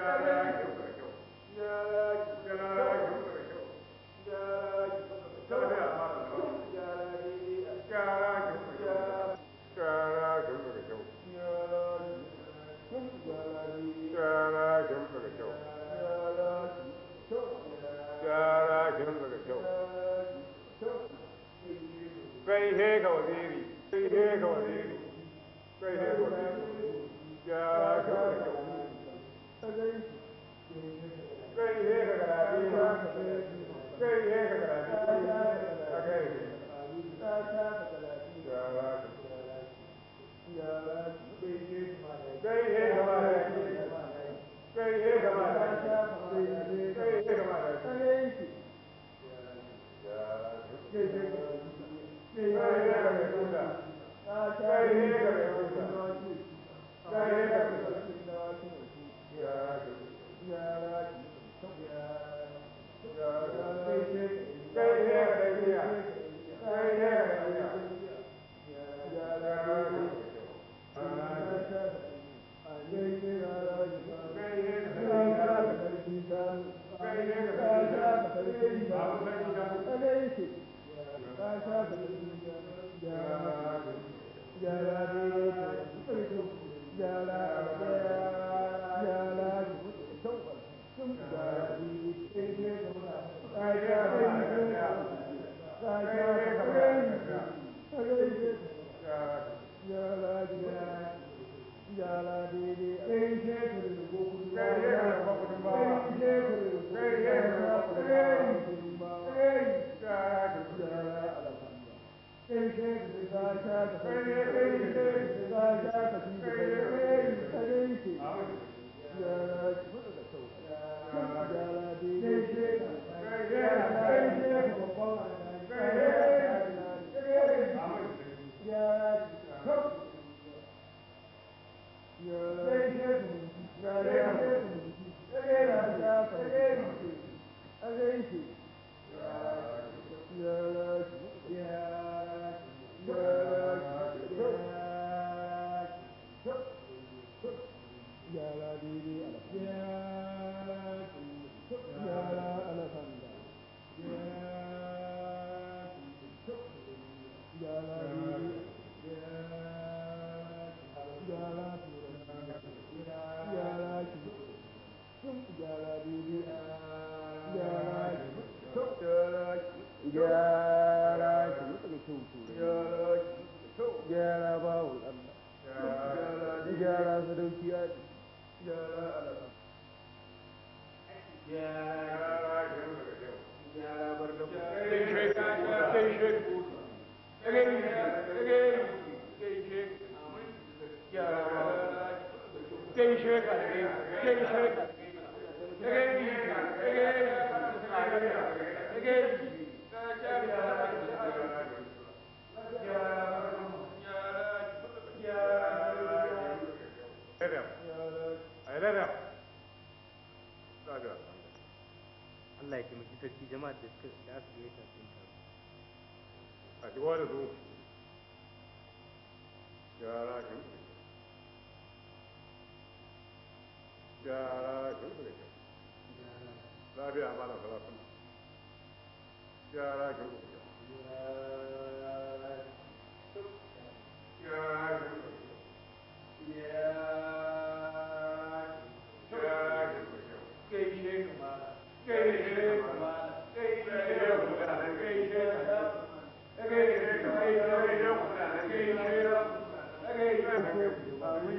Correct. aduwa da zo gyara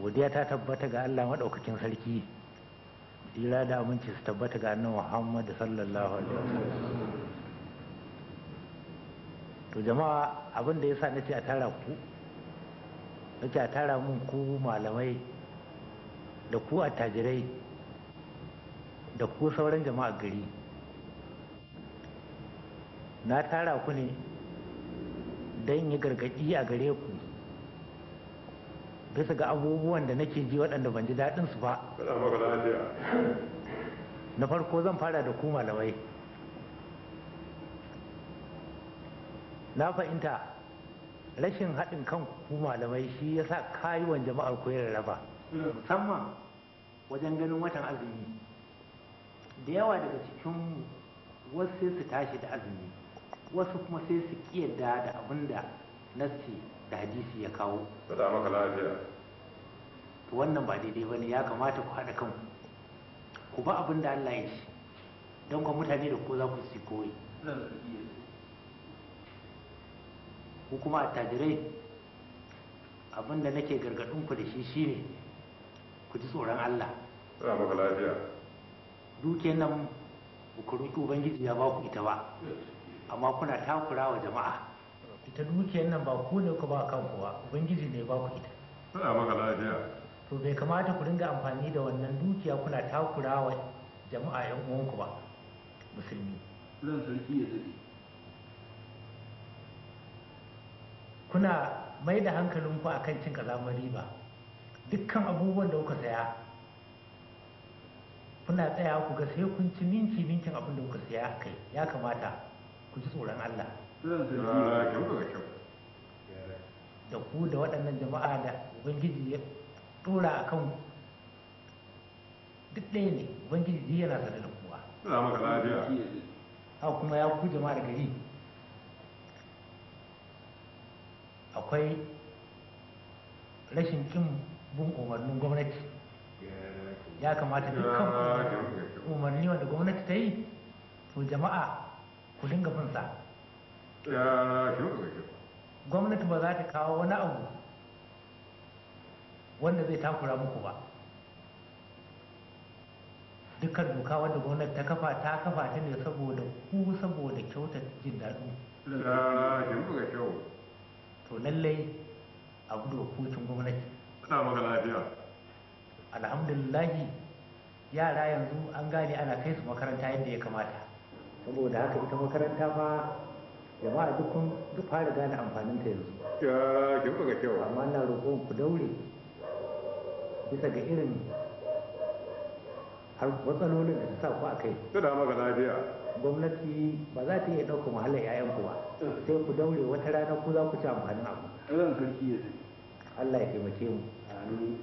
godiya ta tabbata ga Allah maɗaukakin sarki jira da aminci su tabbata ga annan Muhammadu sallallahu alaihi to jama'a abin da yasa nake a tara ku nake a tara mun ku malamai da ku attajirai da ku sauran jama'a gari na tara ku ne don yi gargaɗi a gare ku bisa ga abubuwan da nake ji waɗanda ban ji daɗin su ba na farko zan fara da ku malamai na fahimta rashin haɗin kan ku malamai shi ya sa kayuwan jama'ar ku ya raba musamman wajen ganin watan azumi da yawa daga cikin wasu su tashi da azumi wasu kuma sai su kiyarda da abin da nassi da hadisi ya kawo da maka lafiya to wannan ba daidai ba ne ya kamata ku haɗa kanku ku ba abin da Allah ya don kuma mutane da ko za ku si koyi ku kuma attajirai abin da nake gargaɗin ku da shi shine ku ji tsoron Allah da maka lafiya dukiyar nan ku ubangiji ya ba ku ita ba amma kuna takura wa jama'a ita dukiyar nan ba ku ne ku ba kanku ba ubangiji ne ba ku ita tana maka lafiya to bai kamata ku dinga amfani da wannan dukiya kuna takura wa jama'a yan uwanku ba musulmi zan sarki ya zabi kuna mai da hankalinku a kan cin kazamar riba dukkan abubuwan da kuka saya kuna tsaya ku ga sai kun ci minci minkin abin da kuka saya kai ya kamata ku ji tsoron Allah da ku da waɗannan jama'a da ubangiji ya tura a kan duk ɗaya ne ubangiji ji yana tare da kowa kuma ya ku jama'a da gari akwai rashin kin bin umarnin gwamnati ya kamata dukkan umarni wanda gwamnati ta yi to jama'a ku dinga bin sa gwamnati ba za ta kawo wani abu wanda zai takura muku ba dukkan doka wanda gwamnati ta kafa ta kafa ta ne saboda ku saboda kyauta jin daɗin to lallai a gudu hukuncin gwamnati ina maka lafiya alhamdulillahi yara yanzu an gane ana kai su makaranta yadda ya kamata saboda haka ita makaranta ma jama'a duk kun duk fara gane amfanin ta yanzu ya ji ga kyau amma na roƙon ku daure bisa ga irin har matsalolin da sa ku a kai ta dama ga lafiya gwamnati ba za ta iya ɗaukar wahalar 'ya'yan ku ba sai ku daure wata rana ku za ku ci amfanin abu ɗan sarki ya Allah ya taimake mu amin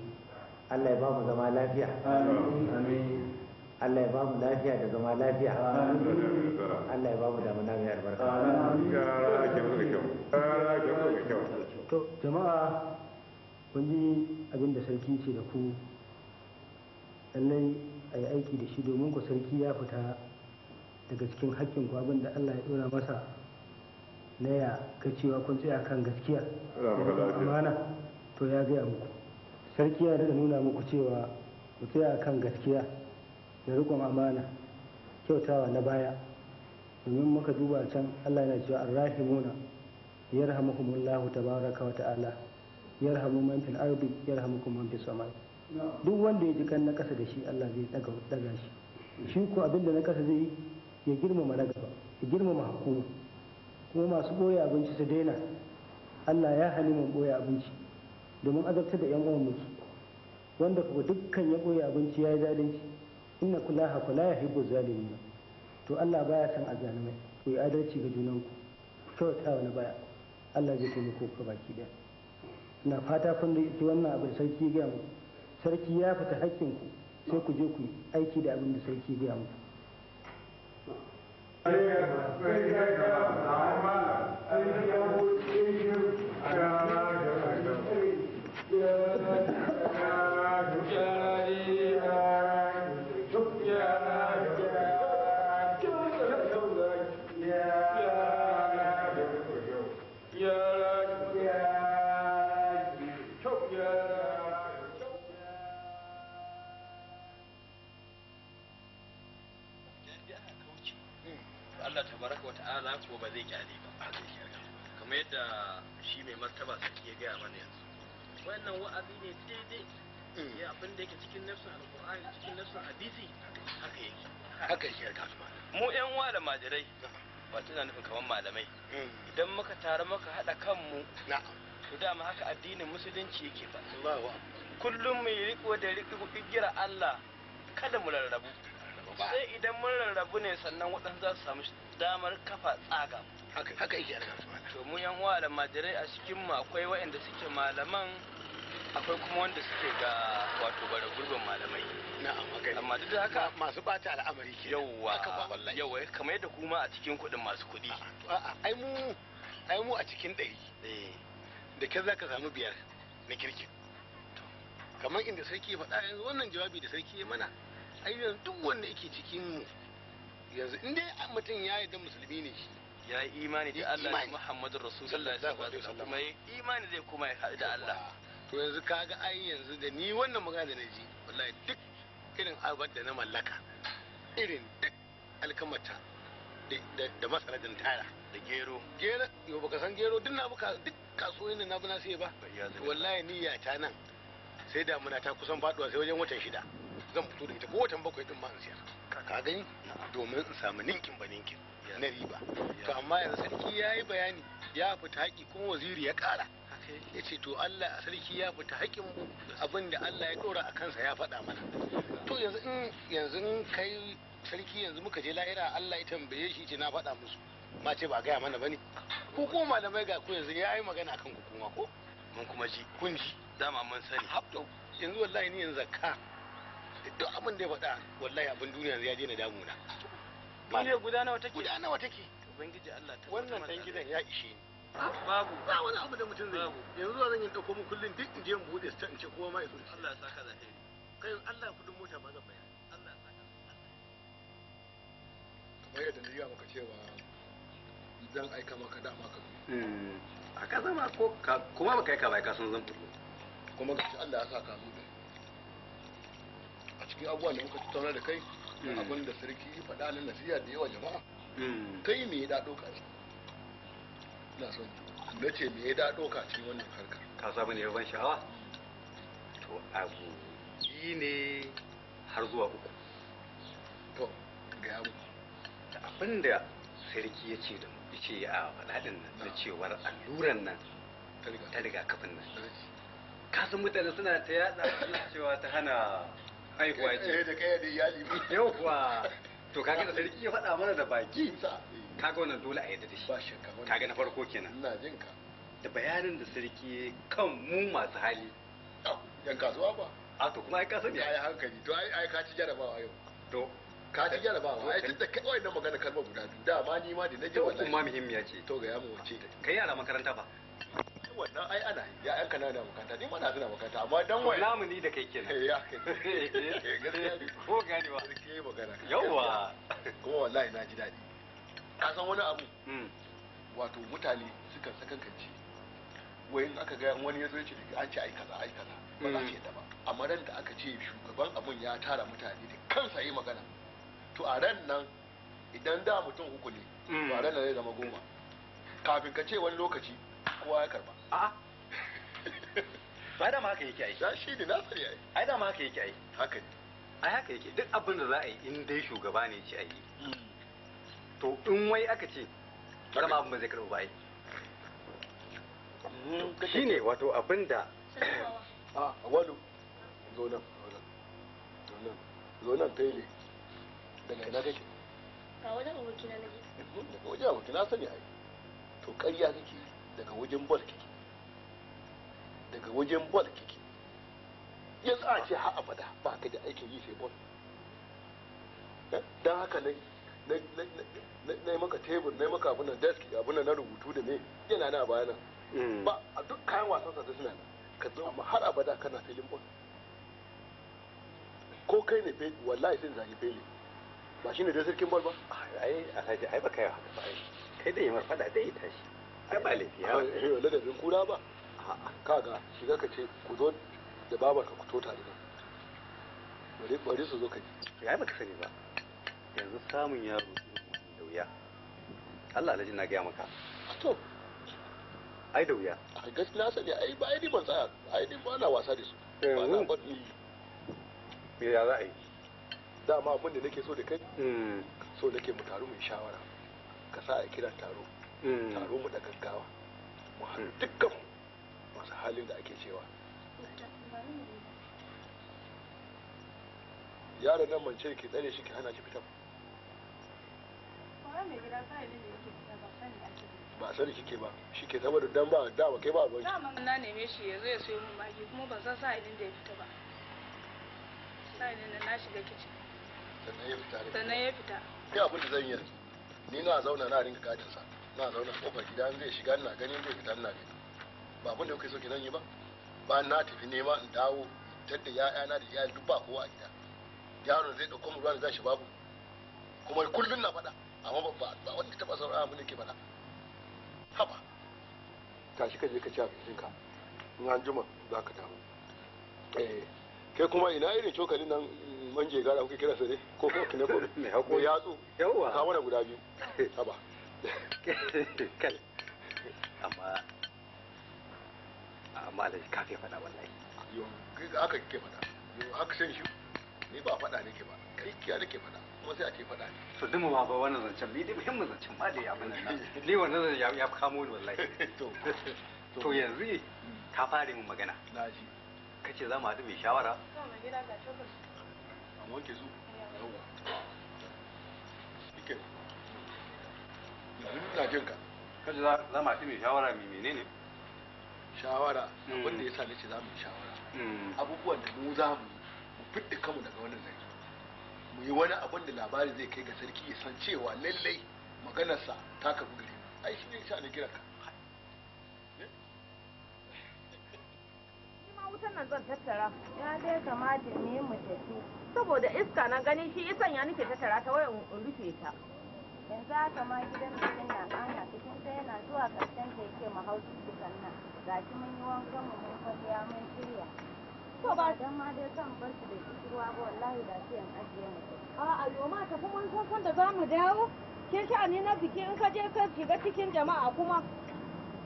Allah ya ba mu zama lafiya amin amin Allah ya ba mu lafiya da zama lafiya a Allah ya ba mu damuna mai albarka to jama'a kun ji abin da sarki ce da ku lallai a yi aiki da shi domin ku sarki ya fita daga cikin hakkin ku abin da Allah ya dora masa na ya ga cewa kun tsaya kan gaskiya amana to ya gaya muku sarki ya daga nuna muku cewa ku tsaya kan gaskiya da rikon amana kyautawa na baya domin muka duba can Allah na cewa arrahimuna yarhamuhumullahu tabaraka wa ta'ala rahama man fil ardi rahama kuma fis samai duk wanda ya ji kan na kasa da shi Allah zai daga daga shi shi ko abinda na kasa zai ya girmama na gaba ya girmama hukuma kuma masu boye abinci su daina Allah ya hali mun boye abinci domin azabta da yan uwan wanda kuma dukkan ya boye abinci ya yi zalunci inna kullaha fala yuhibbu zalimin to Allah baya san azalimai ku yi adalci ga junanku kyauta wani baya Allah zai taimako ka baki daya na fata kun ji wannan abin sarki ga mu sarki ya fita hakkin ku sai ku je ku yi aiki da abin da sarki ga mu Yeah. Allah tabaraka wa ta'ala ko ba zai kyale ba kamar yadda shi mai martaba sai ya gaya mana yanzu wannan wa'azi ne daidai mm. ya abin da yake cikin nafsin alqur'ani cikin nafsin hadisi haka yake haka yake mu yan wa da majirai ba na nufin kamar malamai mm. idan muka tare muka haɗa kanmu to dama haka addinin musulunci yake faɗa kullum mai riko da riko igira Allah kada mu rarrabu ba sai idan mun rarrabu ne sannan waɗansu za su samu damar kafa tsaga haka haka yake alga to mu yan uwa majirai a cikin mu akwai waɗanda suke malaman akwai kuma wanda suke ga wato bara gurbin malamai na'am haka amma duk da haka masu bata al'amari ke yawa yawa kamar yadda kuma a cikin kuɗin masu kuɗi a'a ai mu ai mu a cikin ɗari eh. da ke za ka samu biyar na kirkin kamar inda sarki ya faɗa yanzu wannan jawabi da sarki ya mana ai yanzu duk wanda yake cikin mu yanzu in dai mutum ya yi da musulmi ne shi ya yi imani da Allah da Muhammadu Rasulullah sallallahu alaihi wasallam kuma imani zai kuma ya haɗu da Allah to yanzu kaga ai yanzu da ni wannan magana da na ji wallahi duk irin abar da na mallaka irin duk alkamata da masara da tara da gero gero yau baka san gero duk na buka duk kasuwoyin da na bi na sai ba wallahi niyya ta nan sai damuna ta kusan faduwa sai wajen watan shida zan fito da ita ko watan bakwai din ma in siyar ka gani domin in samu ninkin ba ninkin na riba to amma yanzu sarki ya yi bayani ya fita haƙi kuma waziri ya ƙara ya ce to Allah a sarki ya fita haƙin abin da Allah ya ɗora a kansa ya faɗa mana to yanzu in yanzu kai sarki yanzu muka je la'ira Allah ya tambaye shi ce na faɗa musu ma ce ba gaya mana bane ko ko malamai ga ku yanzu ya yi magana akan hukuma ko mun kuma ji kun ji dama mun sani yanzu wallahi ni yanzu zakka duk abin da ya faɗa wallahi abin duniya ya je na damu na duniya guda nawa take guda nawa take ubangiji Allah ta wannan dan gidan ya ishe ni babu ba wani abu da mutum zai yanzu zan yi dauko mu kullun duk inje mu bude stand ce kowa ma ya zo Allah ya saka da kai Allah kudin mota ba zan bayar Allah ya saka kamar yadda na yi maka cewa zan aika maka da maka zo hmm. a ka zama ko kuma baka ka bai ka sun zan kuma ga Allah ya saka mu cikin abubuwan da muka tattauna da kai hmm. abin da sarki ya faɗa na nasiya da yawa jama'a hmm. kai me ya daɗo ka ce na son na ce me ya daɗo ka ce wannan harka ka samu ne ban sha'awa to abu yi ne har zuwa uku to ga mu da abin da sarki ya ce da mu ya ce a faɗaɗin nan na cewar alluran nan ta rigakafin nan ka san mutane suna ta yaɗa suna cewa ta hana ai kuwa da kai da iyali yau kuwa to kaga da sarki ya faɗa mana da baki kaga wannan dole a yadda da shi kaga na farko kenan ina jin ka da bayanin da sarki kan mu masu hali yan kasuwa ba a to kuma ai ka sani ai hankali to ai ai ka ci jarabawa yau to ka ci jarabawa ai duk da kai wannan magana kalmar guda biyu da ma ni ma da naje wallahi kuma muhimmiya ce to ga ya mu wace kai yara makaranta ba wannan ai ana ya yan kana da makaranta ni ma na suna makaranta amma dan wai namu ni da kai kenan eh, eh, eh, ya kai ko gani ba ke magana yawa kuma wallahi na ji daɗi ka san wani abu hmm. wato mutane suka sakankance wai in aka ga wani ya zo ya ce an ce ai kaza ai kaza ba za su hmm. yadda ba amma ran da aka ce shugaban abun ya tara mutane da kansa yi magana to a ran nan idan da mutum uku ne ba hmm. ran nan zai zama goma kafin ka ce wani lokaci kowa ya karba a to ai dama haka yake ai ya shi ne na sani ai ai haka yake ai haka ne ai haka yake duk abin da za a yi in dai shugaba ne ce a yi to in wai aka ce zama abin ba zai karɓi ba ai mm, shi ne wato abin da a ah, wadu zo nan zo nan zo nan ne daga ina kake abokina na daga wajen abokina sani ai to ƙarya kake daga wajen bol kake daga wajen bol kiki yanzu a ce ha abada ba ka da aikin yi sai bol eh, don haka na yi maka tebur na yi maka abunan deski abunan na rubutu da ne yana na bayanan hmm. ba a duk kayan wasan sanda suna nan ka zo amma har abada kana filin bol ko kai ne fe wallahi sai zagi fele ba shine dai sirkin bol ba ai alhaji ai ba kai haka ba kai da yamar fada dai tashi ai ba laifi ha eh, lada bin kura ba kaga shiga ka ce ku zo da babar ka ku to tare da bari bari su zo ka ji ya ba ka sani ba yanzu samun yaro da wuya Allah alaji na gaya maka to ai da wuya a gaskiya sani ai ba ai ni ban tsaya ai ni ba na wasa da su ba na ba me ya za a yi dama abin da nake so da kai hmm. so nake mu taru mu shawara ka sa a kira taro hmm. taro mu da gaggawa mu haɗu hmm. dukkan halin da ake cewa yaron nan mance ki tsare shi ki hana shi fita ba sani kike ba shi ke saboda dan ba da ba kai ba ba dama na neme shi ya zo ya sayo min magi kuma ba san sa'idin da ya fita ba sa'idin da na shiga kicin sannan ya fita sannan ya fita kai abin da zan yi ni na zauna na ringa gadin sa na zauna kofar gida zai shiga na ganin zai fita na gani ba abin da kuke so kenan yi ba ba na tafi nema in dawo tadda ya'yana da iyali duk ba kowa a gida yaro zai dauko mu ruwan zai shi babu kuma kullun na faɗa amma ba ba wanda taba saurara mu ne ke faɗa haba tashi ka je ka ci abincin ka in an juma za ka dawo eh kai kuma ina irin cokalin nan mm, manje gara kuke kira sa ko ko kina ko mai hakuri yatsu yawa ka mana guda biyu haba amma amma alhaji ka kai faɗa wallahi yo kai aka kike faɗa yo aka san shi ni ba faɗa nake ba kai kiya nake faɗa kuma sai a ce faɗa ne to dumu ba ba wannan zancen ni dai muhimmin zancen ma da ya abin ni wannan zancen ya ya kamo ni wallahi to to yanzu eh, ka fare mu magana na ji kace za mu haɗu mai shawara to na gida ga cokar amma ke su yawa ike na jinka kace za mu haɗu mai shawara mai menene shawara hmm. abin da ya sa nace za mu yi shawara hmm. abubuwan da mu za mu mu fidda kanmu daga wannan zari mu yi wani abin da labari zai kai ga sarki ya san cewa lallai maganarsa ta kafu gare ai shi ne sha na kira ka wutan nan zan tattara ya dai kamata ne mu tafi saboda iska na gani shi isan ya nake tattara ta wayan in rufe ta yanzu haka ma gidan mutum na kun yana zuwa karshen da yake mu hau tukan nan gashi mun yi wankan mu mun kwaliya mun shirya to ba dan ma dai kan bar su da kishirwa ba wallahi da shi an ajiye mu a'a yo ma tafi mun san san da zamu dawo ke sha'ani na biki in ka je ka shiga cikin jama'a kuma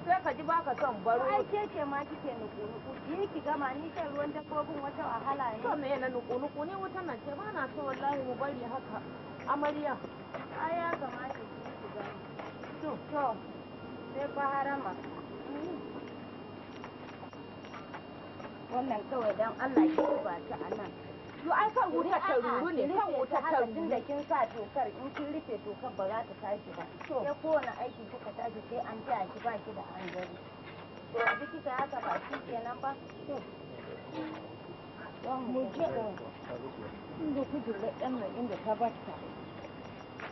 sai ka ji ba ka son baro ai ke ce ma kike nuku nuku ki ki gama ni shan ruwan dabbobin wata wahala ne to me na nuku nuku ne wutan nan ce ba na so wallahi mu bari haka amarya ai ya kamata ki ki gama. wannan kawai don Allah ki zuba ta a nan to ai kan wuta ta ruru ne kan wuta ta ruru da kin sa tokar in kin rufe tokar ba za ta tashi ba sai kowane aiki kuka tashi sai an taya ki ba ki da an gari to yanzu kika haka ba shi kenan ba to mu je inda kujerar ɗan nan inda ta bata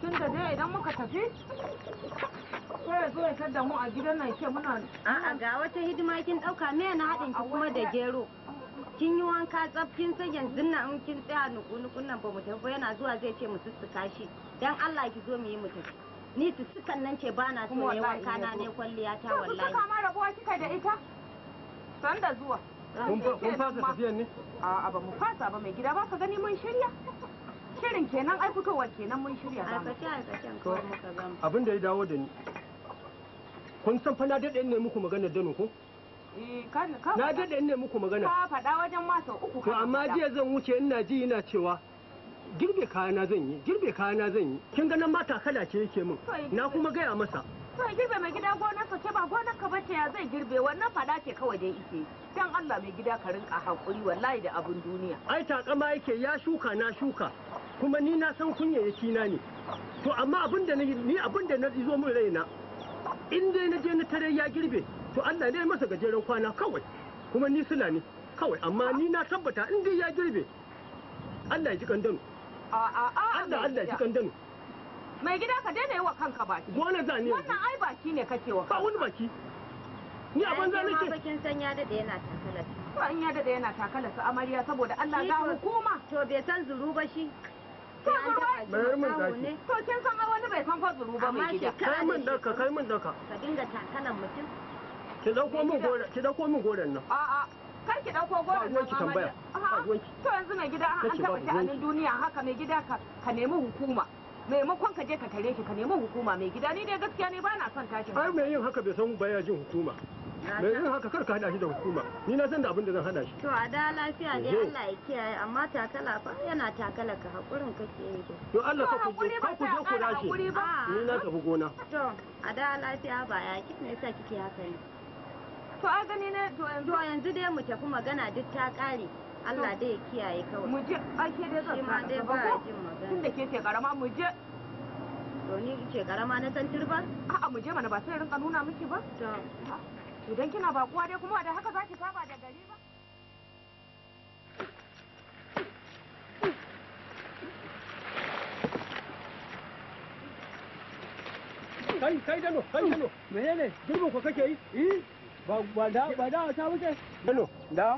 tun da dai idan muka tafi kawai ya zo ya tadda mu a gidan nan ke muna a'a ga wata hidima kin ɗauka me na haɗin ki kuma da gero kin yi wanka tsaf kin san yanzu nan in kin tsaya nuku nukun nan ba mu tafi yana zuwa zai ce mu sussuka shi dan Allah ki zo mu yi mu tafi ni sussukan nan ce ba na so ne wanka na ne kwalliya ta wallahi sussuka ma rabuwa kika da ita san da zuwa kun fasa tafiyan ne a'a ba mu fasa ba mai gida ba ka gani mun shirya shirin kenan ai fitowar kenan mun shirya za mu aikace ko muka gama abin da ya dawo da ni kun san fa na dade ne muku magana dano ko eh, na dade ne muku magana ka faɗa wajen ma uku to amma jiya zan wuce ina ji ina cewa girbe kayana zan yi girbe kayana zan yi kin ga mata ma takala ce yake min na kuma gaya masa so girbe mai gida gonarsa ce ba gonar ka bace ya zai girbe wannan fada ce kawai dai ike dan Allah mai gida ka rinka hakuri wallahi da abun duniya ai takama yake ya shuka na shuka kuma ni na san kunya yake na ne to amma abin da ni abin da na zo mun raina in dai na je na tare ya girbe to Allah ne masa gajeren kwana kawai kuma ni sula ne kawai amma ni na tabbata in dai ya girbe Allah ya ji kandano a a a Allah Allah ya ji kandano mai gida ka daina yi wa kanka baki gona za ne wannan ai baki ne kake wa ba wani baki ni a banza nake ma bakin san ya dade yana takala to an ya dade yana takala su amarya saboda Allah ga hukuma to bai san zuru ba shi bayar mun daki to kin san wani bai san ko zuru ba mai gida kai mun daka kai mun daka ka dinga takalan mutum ki dauko min gora ki dauko min goran nan a'a kar ki dauko goron nan amarya to yanzu mai gida an tabbata a duniya haka mai gida ka nemi hukuma maimakon ka je ka tare shi ka nemi hukuma mai gida ni dai gaskiya ne ba na son tashi ai mai yin haka bai san baya jin hukuma mai yin haka kar ka hada shi da hukuma ni na san da abin da zan hada shi to a da lafiya dai Allah ya kiyaye amma takala fa yana takala ka hakurin kake yi to Allah ka ku ka ku je ku rashi ni na tafi gona to a da lafiya ba ya ki me yasa kike haka ne to a gani ne to yanzu dai mu tafi magana duk ta kare Allah dai ya kiyaye kawai mu je ake dai zan ma dai ba jin magana tunda ke ke karama mu je to ni ke karama na san turba a'a mu je mana ba sai rinka nuna miki ba to idan kina ba kuwa dai kuma da haka zaki saba da gari ba kai kai dano kai dano. menene girbin ko kake yi eh? ba da ba da ta wuce Dano, da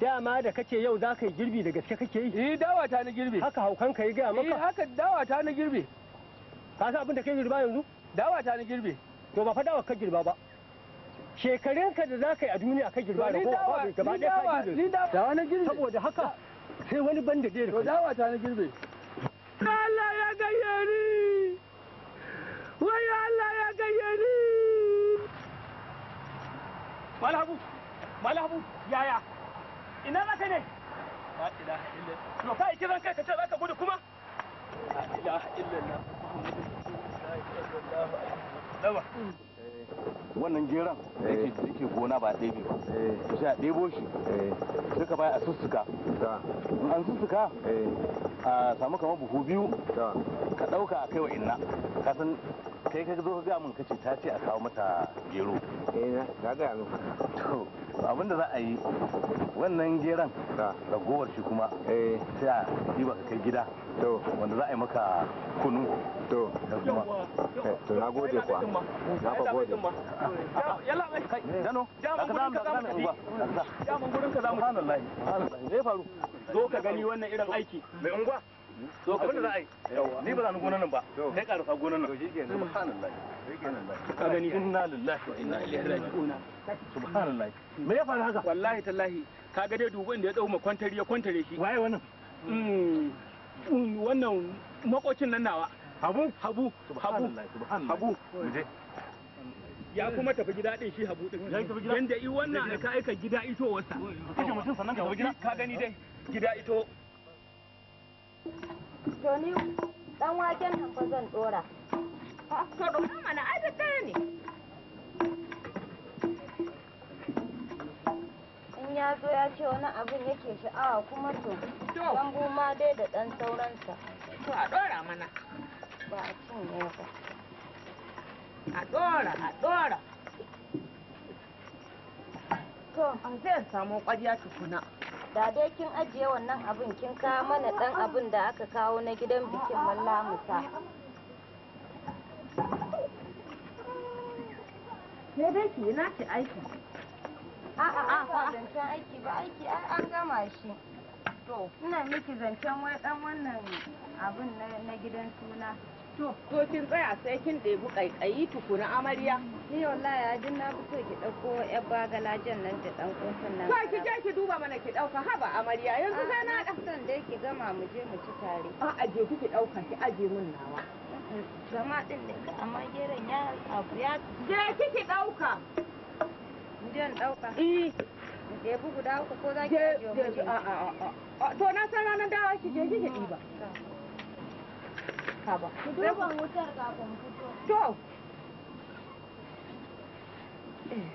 dama da kace yau za ka yi girbi da gaske kake yi eh dawa ta na girbi haka haukan ka yi gaya maka eh haka dawa ta na girbi ka san abin da kai girba yanzu dawa ta na girbi to ba fa dawa ka girba ba shekarun ka da za ka yi a duniya ka girba da kowa ba gaba ɗaya ka girbi dawa na girbi saboda haka sai wani banda da to dawa ta na girbi Allah ya gayyari wai Allah ya gayyari Malabu, Malabu, yaya? ina za ka ne la illallah to kai kiran kai ka ce zaka gudu kuma la ilaha illallah muhammadur rasulullah sallallahu alaihi wannan geran da eh. yake gona ba ɗebe ba to eh. sai a ɗebo shi eh. sai ka bai a sussuka in an sussuka a samu kamar buhu biyu ka ɗauka a kai wa inna ka san kai ka zo ka ga mun kace ta ce a kawo mata gero eh na ga mun to abinda za a yi wannan geran ragowar shi kuma sai a ɗiba ka kai gida wanda za a yi maka kunu to kuma eh, to na gode kuwa na ka gode yalla kai dano ka zamu ya mun gurin ka zamu subhanallahi faru zo ka gani wannan irin aiki mai unguwa zo ka ni ba nan ba kai nan to shikenan subhanallahi ka gani inna lillahi wa inna ilaihi raji'un subhanallahi me ya faru haka wallahi tallahi ka ga dai inda ya tsawo ya kwantare shi waye wannan mm. Mm, wannan makocin nan nawa habu habu habu habu muje ya kuma tafi gida din shi habu din yanda i wannan da ka aika gida ito wasa kashe mutum sannan ka gida ka gani dai gida ito Joni dan waken nan fa zan dora to dora mana ai da ne in ya zo ya ce wani abin yake sha'awa kuma to dan ma dai da dan sauransa to a dora mana ba a cinye ba a ɗora a ɗora to zai samu ƙwarya tukuna da dai kin ajiye wannan abin kin kawo mana ɗan abin da aka kawo na gidan bikin mallamusa sai dai ki yi ki aiki a'a a ba zancen aiki ba aiki an gama shi to ina miki zancen wai dan wannan abin na gidan suna To, ko kin tsaya sai kin ɗebi ƙaiƙayi tukuna amarya. Ni wallahi ya jin na fi so ki ɗauko ƴar bagala jan nan da ɗan ƙofin nan. Ba ki je ki duba mana ki ɗauka haba amarya yanzu sai na ɗan. Son dai ki gama mu je mu ci tare. A aje ki ki ɗauka ki aje mun nawa. Gama ɗin da amma geron ya abu ya. Je ki ki ɗauka. Jan ɗauka. Eh. Ɗebi guda uku ko za ki aje mun. A'a a'a. To na san ranar dawa ki je ki ki ɗiba. ɗauka ba. Ku wutar kafin fito. To. Eh,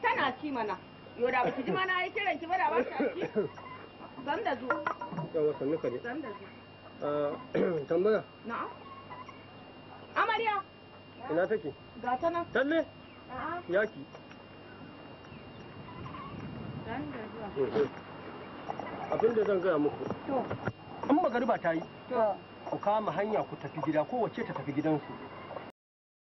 tana ci mana. Yau da baki ji mana yi kiran ki ba da ba ci. Zan da zo. Yawa sannu ka ne. Zan da ah, Tambaya. Na'am. Amarya. ina take ga ta nan talle yaki abin da zan gaya muku in magariba ta yi ku kama hanya ku tafi gida ko wace ta tafi gidansu